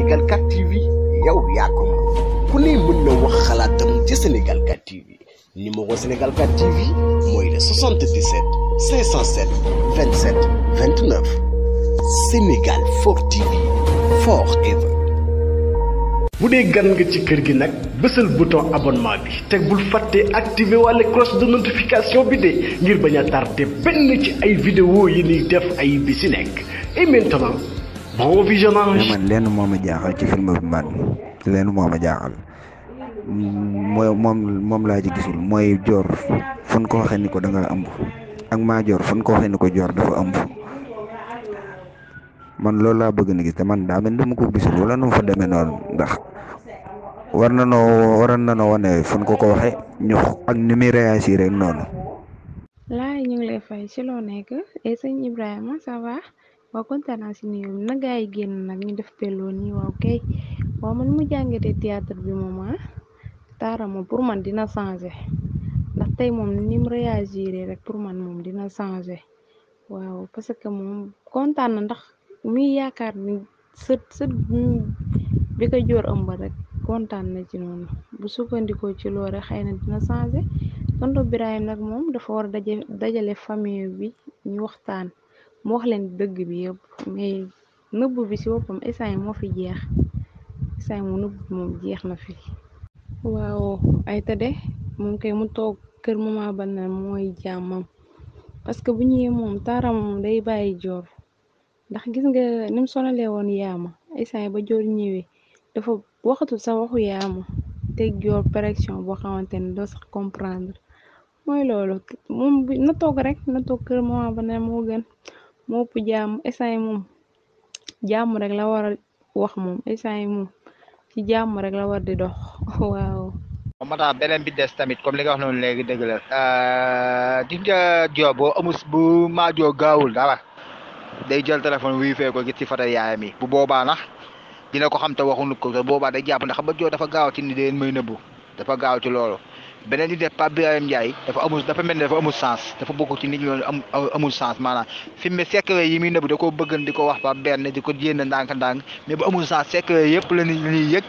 Sénégal 4 TV yow yakum. ko ku mën na wax xalaatam ci Sénégal 4 TV numéro Sénégal 4 TV moy le 77 507 27 29 Sénégal 4 TV forever. bu dee gan nga ci kër gi nag le bouton abonnement bi teg bul fàttee la cloche de notification bi de ngir bañ tardé benn ci ay vidéo yi ni def ay bi et maintenant. bon visionnage. man lenn moo ma jaaxal ci film bi man lenn moo ma jaaxal mooy moom moom laa ci gisul mooy joor fan ko waxee ni ko da nga ëmb ak maa joor fan ko waxee ni ko joor dafa ëmb man loolu laa bëgg na gis te man daa mel ni mu gisul wala nu mu fa demee noonu ndax war na noo waroon na noo wane fan ko ko waxee ñu ak ni muy réagir rek noonu. laay ñu fay ci loo nekk eh, sëñ Ibrahima waa kontaan ci si nagaay nag génn nag ñu def peloo ni waaw kay waa man mu jàngatee théâtre bi moma taarama taara pour man dina changé ndax tey moom nim mu rek pour man moom dina changé waaw parce que moom kontaan na ndax muy yaakaar ni sët sët bi ko jóor ëmba rek kontaan na ci noonu bu sukkandikoo ci loolu rek xëy na dina changé tonto Birahim nag moom dafa war a dajale famille bi ñu waxtaan. mu wax leen dëgg bi yëpp mais nëbb bi si boppam essane moo fi jeex essane mu nëbb moom jeex na fi waaw ay tade moom kay mu toog kër mama bana mooy jàmmam parce que bu ñëwee moom taaram moom day bàyyi joor ndax gis nga ni mu sonalee woon yaama essane ba joor ñëwee dafa waxatu sa waxu yaama teg joor pression boo xamante doo sax comprendre mooy loolu na toog rek na toog kër mama bana moo gën moo ëpp jàmm essay moom jàmm rek la war a wax moom essay moom ci jàmm rek la war di dox waaw moo tax beneen bi des tamit comme li nga wax noonu léegi dëgg la euh, gis nga joo bu maajoo gaawul dara day jël téléphone wii fee ko gis ci fata yaayam yi bu boobaa nax dina ko xam te waxuñu ko te boobaa day jàpp ne xam nga joo dafa gaaw ci ni deen bu dafa gaaw ci loolu beneen di def Pape Birahim Ndiaye dafa amul dafa mel ni dafa amul sens dafa bokk ci nit ñi am amul sens maanaam fi mu ne secret yi muy nëbb da koo bëgg di ko wax ba benn di ko jéem a ndànk-ndànk mais bu amul sens yëpp la ñuy yëg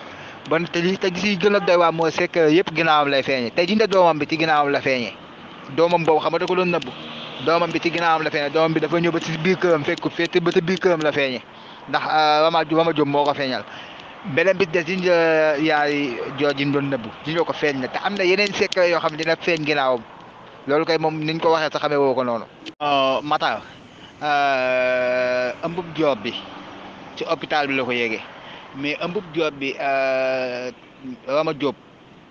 ban te li te gis gën a doy waar mooy secret yëpp ginnaawam lay feeñee tey jii ne doomam bi ci ginnaawam la feeñee doomam boobu xam nga da ko doon nëbb doomam bi ci ginnaawam la feeñee doomam bi dafa ñëw ba ci biir këram fekk ko fekk ba ci biir këram la feeñee ndax euh, Rama Diop Rama Diop moo ko feeñal beneen bi des di euh, yaay jooju doon nëbbu di ñoo ko feeñ na te am na yeneen secret yoo xam ne dina feeñ ginnaawam loolu kay moom niñ ko waxee sa xamee woo ko noonu. Euh, Matar euh, ëmbub joob bi ci hôpital bi la ko yéege mais ëmbub joob bi Rama Diop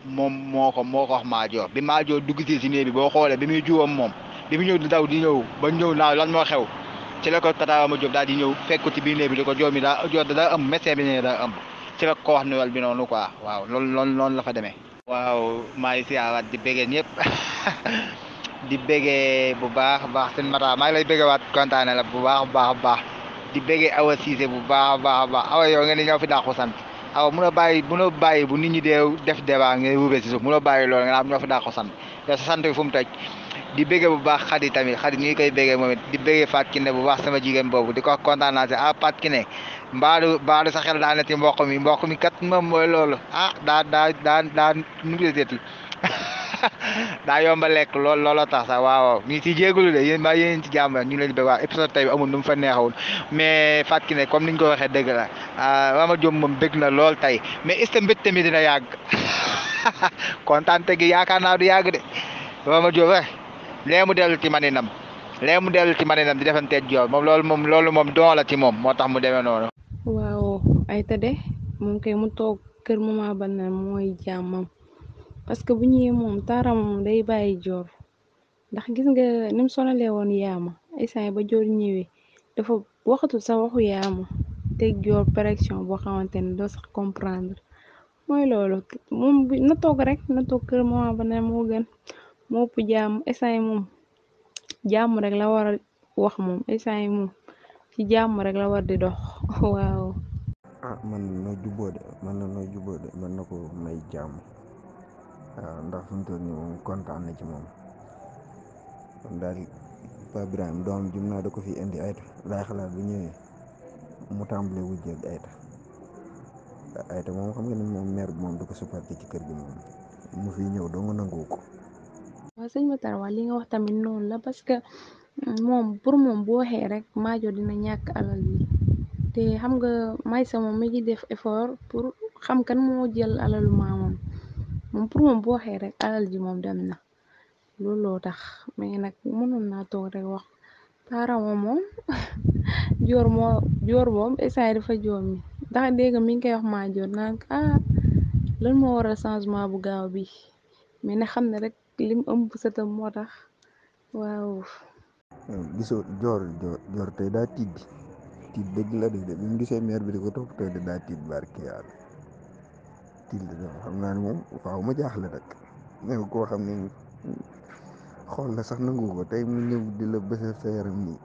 moom moo ko moo ko wax Maajo bi Maajo dugg si bi boo xoolee bi muy juwam moom bi mu ñëw di daw di ñëw ba ñëw naaw lan moo xew ci la ko tata Rama Diop daal di ñëw fekku ci biir néeg bi di ko joob mi daa joob daa ëmb médecin bi ne daa ëmb. ci rek ko wax nuyol bi noonu quoi waaw loolu loolu loolu la fa demee waaw maa ngi siyaaraat di béggee ñëpp di béggee bu baax baax seen mata maa ngi lay béggee waat kontaane la bu baax baax baax di béggee awa siise bu baax baax baax awa nge ngeen di ñëw fi dàqu sant awa munoo bàyyi munoo bàyyi bu nit ñi dee def débat ngay wubee si suuf munoo bàyyi loolu nga am ñoo fi dàqu sant sa sant bi fu mu toj di béggee bu baax xadi tamit xadi ñu ngi koy béggee moom di béggee Faat Kiné bu baax sama jigéen boobu di ko kontaan naa si ah Faat Kiné mbaalu sa xel daa ne ci mboq mi mbokk mi kat moom mooy loolu ah daa daa daa daa nu mu daa yomba lekk lool looloo tax sax waaw ñu ngi si jéegulu de yéen maa yéen ci jàmm ñu leen di waaw épisode tey bi amul nu mu fa neexawul mais Fatou Kiné comme niñ ko waxee dëgg la ah, Mama Diop moom bëgg na lool tey mais est ce que mbégte mi dina yàgg kontaan te gi yaakaar naa du yàgg de le mu dellu ci maninam lee mu dellu ci maninam di defante yow mom loolu mom loolu mom do la ci mom motax mu demee noonu waaw ay tade mom kay mu tok keur mama banna moy jamam parce que bu ñëwee mom taram day baye joor ndax gis nga nim mu won yama yaama instant ba joor ñëwee dafa waxatu sa waxu yama teg joor pression bo xamantene do sax comprendre moy loolu mom na tok rek na tok keur mama banna mo gën moo ëpp jàmm essay moom jàmm rek la war a wax moom essay moom ci jàmm rek la war di dox waaw. ah man na noo jubóo de man na noo jubóo ko may jàmm waaw ah, ndax fu mu toll nii kontaan na ci moom daal Pape Ibrahima doom jum naa da ko fi indi ayta laay xalaat bu ñëwee mu tàmbale wujjee ak ayta ayta moom xam nga ni moom mère bi moom da ko supporté ci kër gi moom mu fi ñëw doo nga nangu ko. waaw sëñ Matar waa li nga wax tamit noonu la parce que moom pour moom boo waxee rek maajo dina ñàkk alal bi te xam nga may Maysa moom mi ngi def effort pour xam kan moo jël alalu maamam moom pour moom boo waxee rek alal ji moom dem na loolu loo tax mais nag mënoon naa toog rek wax parent moom joor moo joor moom essay fa joor mi ndax dégg mi ngi koy wax maajo naan ah lan moo waral changement bu gaaw bi mais xam ne rek. lim am sëtam moo tax waaw. Eh, gisoo joor joor joor tey daa tiit bi tiit dëgg la de bi mu gisee maire bi di ko topp tey daa tiit barki yàlla tiit la xam naa ne moom ma jaaxle nag ne koo xam ne xool la sax nangu tey mu ñëw sa yaram nii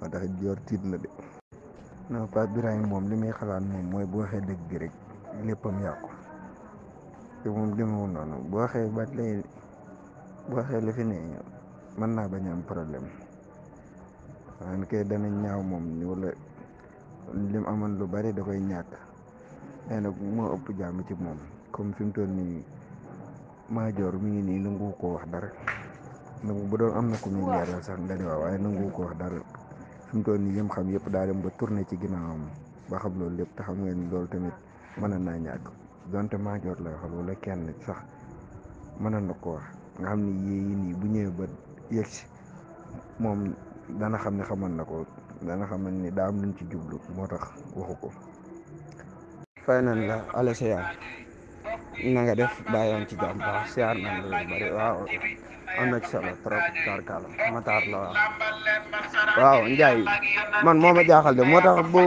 moo tax joor tiit na de. non Pape Birahim moom li muy xalaat moom mooy bu waxee dëgg gi rek léppam yàqu te moom demewul noonu bu waxee baat waxee li fi ne mën naa bañ am problème waaye ni kay dana ñaaw moom ni wala lim amoon lu bari da koy ñàkk nee nag moo ëpp jàmm ci moom comme fi mu toll nii majoor mi ngi nii nangu ko wax dara nangu bu doon am na ku muy leeral sax nga ne waaw waaye nangu ko wax dara fi mu nii yëm xam yëpp daa dem ba tourné ci ginnaawam ba xam loolu yépp te xam ngeen loolu tamit mën na naa ñàkk donte maajoor lay waxal wala kenn sax mën na ko wax. nga xam ne yéeyi nii bu ñëwee ba yegg si moom dana xam ne xamal na ko dana xamal ni daa am luñ ci jublu moo tax waxu ko fay nan la ale sa na nga def baa ci jàmm baax siyaar nañ la lu bëri waaw am na ci solo trop ma mataar la waaw waaw njaay man moo ma jaaxal de moo tax bu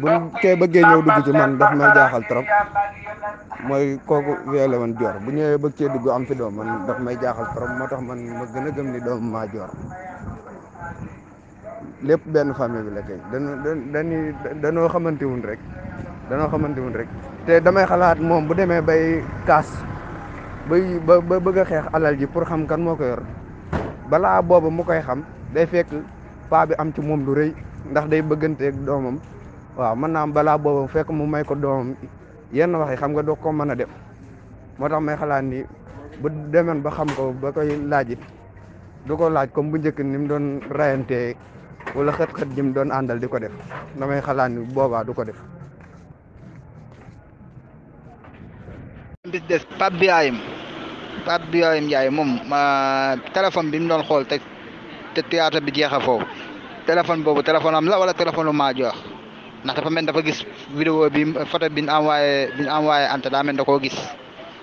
bu kee bëggee ñëw dugg ci man daf may jaaxal trop mooy kooku weele woon joor bu ñëwee bëgg cee dugg am fi doom man daf may jaaxal trop moo tax man ma gën a gëm ni doom maa joor lépp benn famille bi la tey dañu dañuy dañoo xamante rek dañoo xamante wuñ rek te damay xalaat moom bu demee bay kaas ba ba bëgg a xeex alal ji pour xam kan moo ko yor balaa booba mu koy xam day fekk paa bi am ci moom du rëy ndax day bëgganteeg doomam waaw mën naa am balaa booba fekk mu may ko doomam yenn wax xam nga doo ko mën a def moo tax may xalaat ni bu ba xam ko ba koy laaj it du ko laaj comme bu njëkk ni mu doon rayante wala xët-xët ji doon àndal di ko def damay xalaat ni boobaa du ko def. bi des Pape Birahim Pape Birahim Ndiaye moom téléphone bi mu doon xool te te théâtre bi jeexa foofu téléphone boobu téléphone am la wala téléphone u maa jox ndax dafa mel dafa gis vidéo bi photo bi ñu envoyé bi ñu envoyé Anta daa mel da koo gis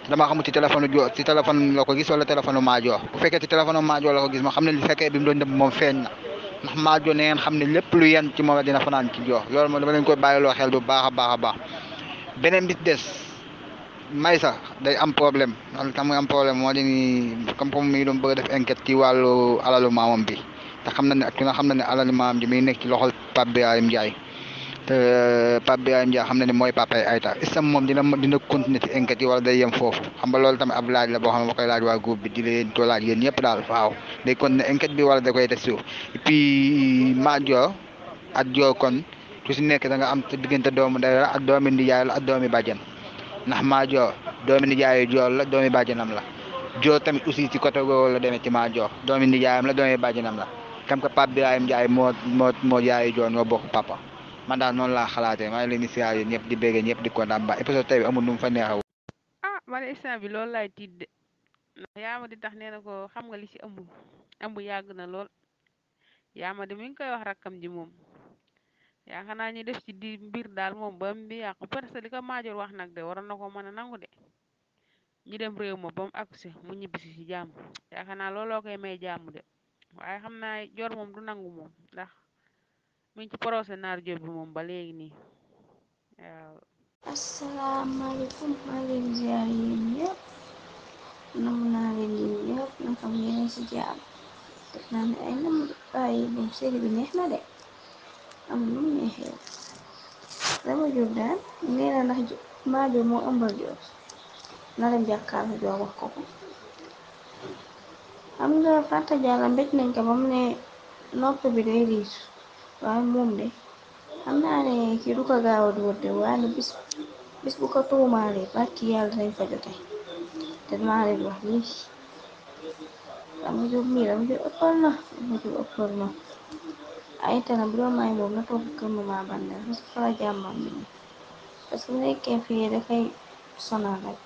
dama xamul ci téléphone jo ci téléphone la ko gis wala téléphone Maajo bu fekkee ci téléphone Maajo la ko gis ma xam ne bu fekkee bi mu doon dem moom feeñ na ndax Maajo na ngeen xam ne lépp lu yenn ci moom dina fanaan ci joo loolu moom dama leen koy bàyyiloo xel bu baax a baax a baax beneen bi des Maysa day am problème xam nga am problème moo di ni comme comme mi doon bëgg a def enquête ci wàllu alalu maamam bi te xam na ne ak ki nga xam na ne alalu maamam bi mi ngi nekk ci loxol Pape Birahim Ndiaye Eh, Pape Birahim Dia xam ne ni mooy papa ay Aïda est-ce que moom dina dina continuer ci enquête yi wala day yem foofu xam nga loolu tamit ab laaj la boo xam ne ma koy laaj waa groupe bi di leen ko laaj ñëpp daal waaw day continuer enquête bi wala da koy def suuf et puis Madior ak Dior kon su si nekk da nga am sa diggante doomu ndey ak doomi nijaay la ak doomi bàjjan ndax Madior doomi nijaayu Dior la doomi bàjjanam la Dior tamit aussi ci côté googu la demee ci Madior doomi nijaayam la doomi bàjjanam la kam que Pape Birahim Dia moo moo moo yaayu Dior bokk papa. man daal noonu laa xalaatee maa ngi leen di siyaare ñëpp di béggee ñëpp di ko ndàmba épisode tey bi amul nu mu fa neexaw ah man instant bi loolu laay tiit de ndax yaama di tax nee na ko xam nga li ci ëmb ëmb yàgg na lool yaama di mi ngi koy wax rakkam ji moom yaa xanaa ñu def ci di mbir daal moom ba mu bi yàqu parce que li ko maajoor wax nag de waroon na ko mën a nangu de ñu dem réew ma ba mu agsi mu ñibbisi ci jàmm yaa xanaa looloo koy may jàmm de waaye xam naa joor moom du nangu moom ndax mu ngi ci poro scénario bi moom ba léegi nii waaw. asalaamaaleykum maa ngi leen di ziar yéen ñëpp nam naa leen yéen ñëpp naka ngeen si jàmm def naa ne ay nam bàyyi moom série bi neex na de am lu mu neexee dama jóg daal nee na ndax maa jóg moo ëmbal jóg na dem jàkkaarloo joo wax ko ko xam nga fàtta jàlla mbéj nañ ko ba mu ne nopp bi day liisu. waaw moom de xam naa ne ki du ko gaaw a dóor de waaye bis bis bu ko tuumaalee barki yàlla dañ fa jote te maa leen wax lii Rama Diop mii Rama Diop ëppal na Rama Diop ëppal na ay tana bu may moom na toog kër Mama Baldé parce que fa la jàmbam bi parce que bu nekkee fii dafay sonal rek